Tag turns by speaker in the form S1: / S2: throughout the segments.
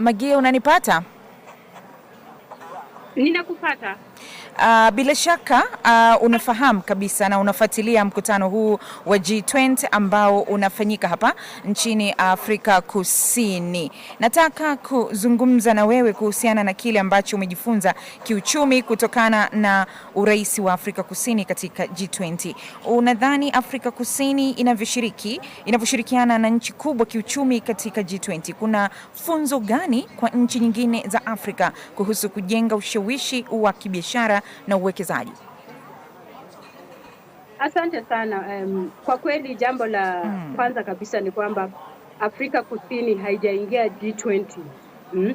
S1: Magie, unanipata?
S2: Ninakupata.
S1: Uh, bila shaka uh, unafahamu kabisa na unafuatilia mkutano huu wa G20 ambao unafanyika hapa nchini Afrika Kusini. Nataka kuzungumza na wewe kuhusiana na kile ambacho umejifunza kiuchumi kutokana na urais wa Afrika Kusini katika G20. Unadhani Afrika Kusini inavyoshiriki inavyoshirikiana na nchi kubwa kiuchumi katika G20, kuna funzo gani kwa nchi nyingine za Afrika kuhusu kujenga ushawishi wa kibiashara na uwekezaji?
S2: Asante sana. Um, kwa kweli jambo la mm. kwanza kabisa ni kwamba Afrika Kusini haijaingia G20 mm?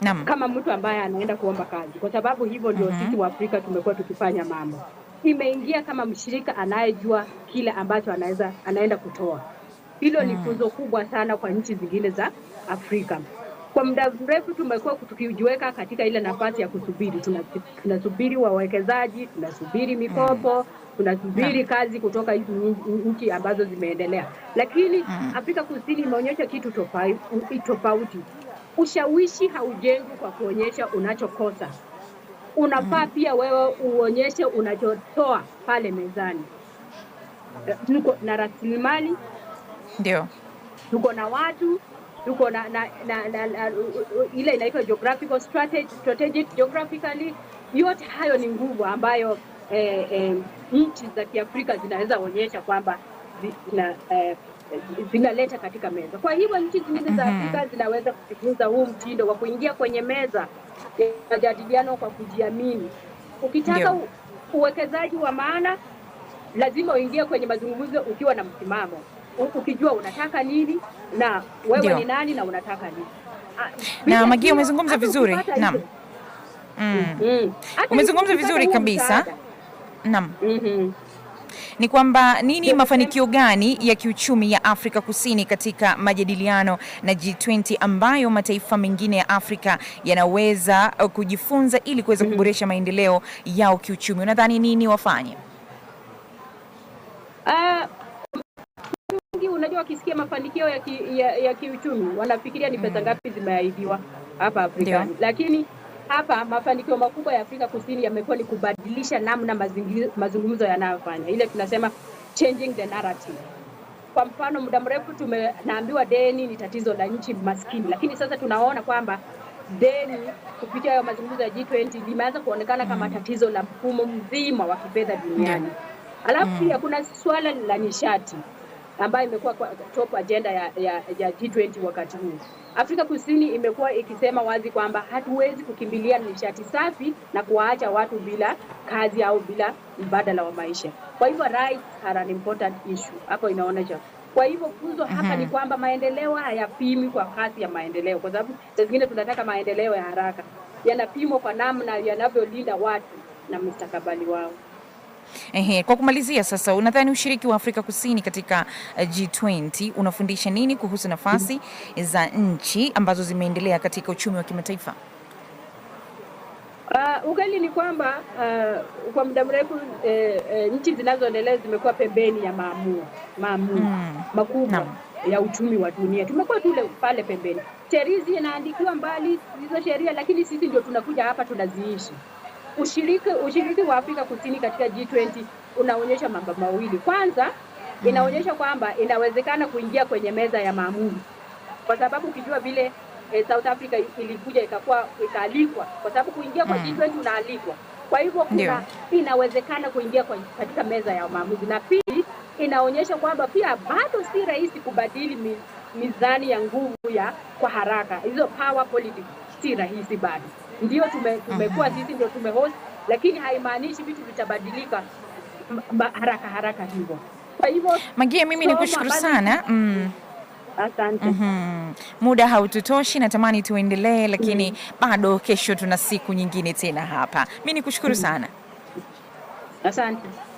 S2: Naam. Kama mtu ambaye anaenda kuomba kazi, kwa sababu hivyo ndio mm -hmm. sisi wa Afrika tumekuwa tukifanya mambo. Imeingia kama mshirika anayejua kile ambacho anaweza anaenda kutoa. Hilo mm. ni hmm. funzo kubwa sana kwa nchi zingine za Afrika. Kwa muda mrefu tumekuwa tukijiweka katika ile nafasi ya kusubiri, tunasubiri wawekezaji, tunasubiri mikopo, mm. tunasubiri mm. kazi kutoka hizi nchi ambazo zimeendelea. Lakini mm. Afrika Kusini imeonyesha kitu tofauti. Ushawishi haujengwi kwa kuonyesha unachokosa, unafaa pia wewe uonyeshe unachotoa pale mezani. Eh, tuko na rasilimali, ndio tuko na watu tuko na, na, na, na, na ile inaitwa geographical strategy, strategic geographically. Yote hayo ni nguvu ambayo eh, eh, nchi za Kiafrika zinaweza onyesha kwamba zina eh, zinaleta katika meza. Kwa hivyo nchi zingine za mhm. Afrika zinaweza kujifunza huu mtindo wa kuingia kwenye meza ya majadiliano kwa kujiamini. Ukitaka uwekezaji wa maana lazima uingie kwenye mazungumzo ukiwa na msimamo ukijua unataka nini na wewe Dio. ni nani na unataka nini.
S1: Ah, na Magia, umezungumza vizuri. Naam. Mm. Mm. Umezungumza vizuri kabisa.
S2: Naam. Mm-hmm
S1: ni kwamba nini mafanikio gani ya kiuchumi ya Afrika Kusini katika majadiliano na G20 ambayo mataifa mengine ya Afrika yanaweza uh, kujifunza ili kuweza mm-hmm. kuboresha maendeleo yao kiuchumi? Unadhani nini wafanye?
S2: Uh, unajua wakisikia mafanikio ya, ki, ya, ya kiuchumi wanafikiria ni pesa mm. ngapi zimeahidiwa hapa Afrika yeah. Lakini hapa mafanikio makubwa ya Afrika Kusini yamekuwa ni kubadilisha namna mazungumzo yanayofanya, ile tunasema changing the narrative. Kwa mfano, muda mrefu tumenaambiwa deni ni tatizo la nchi maskini, lakini sasa tunaona kwamba deni kupitia hayo mazungumzo ya G20 limeanza kuonekana kama mm. tatizo la mfumo mzima wa kifedha duniani. Mm. Alafu pia kuna suala la nishati ambayo imekuwa kwa top agenda ya, ya, ya G20 wakati huu. Afrika Kusini imekuwa ikisema wazi kwamba hatuwezi kukimbilia nishati safi na kuwaacha watu bila kazi au bila mbadala wa maisha. Kwa hivyo rights are an important issue, hapo inaonyesha kwa hivyo kuzo hapa uh -huh. ni kwamba maendeleo hayapimi kwa kasi ya maendeleo, kwa sababu saa zingine tunataka maendeleo ya haraka, yanapimwa kwa namna yanavyolinda watu na mustakabali wao.
S1: Ehe, kwa kumalizia sasa, unadhani ushiriki wa Afrika Kusini katika eh, G20 unafundisha nini kuhusu nafasi za nchi ambazo zimeendelea katika uchumi wa kimataifa?
S2: Uh, ukweli ni kwamba uh, kwa muda mrefu uh, uh, nchi zinazoendelea zimekuwa pembeni ya maamuzi maamuzi mm. makubwa no ya uchumi wa dunia. Tumekuwa tule pale pembeni, terizi zinaandikiwa mbali hizo sheria, lakini sisi ndio tunakuja hapa tunaziishi ushiriki, ushiriki wa Afrika Kusini katika G20 unaonyesha mambo mawili. Kwanza inaonyesha kwamba inawezekana kuingia kwenye meza ya maamuzi, kwa sababu ukijua vile eh, South Africa ilikuja ikakuwa ikaalikwa, kwa sababu kuingia kwa hmm. G20 unaalikwa. Kwa hivyo kuna yeah. inawezekana kuingia kwa, katika meza ya maamuzi, na pili inaonyesha kwamba pia bado si rahisi kubadili mi, mizani ya nguvu ya kwa haraka. Hizo power politics si rahisi bado ndio tumekuwa sisi ndio tumehost, lakini haimaanishi vitu vitabadilika haraka haraka hivyo.
S1: Kwa hivyo Magia, mimi ni kushukuru sana mm.
S2: Asante. Mm -hmm.
S1: Muda haututoshi, natamani tuendelee, lakini mm bado kesho tuna siku nyingine tena hapa. Mimi nikushukuru mm sana. Asante.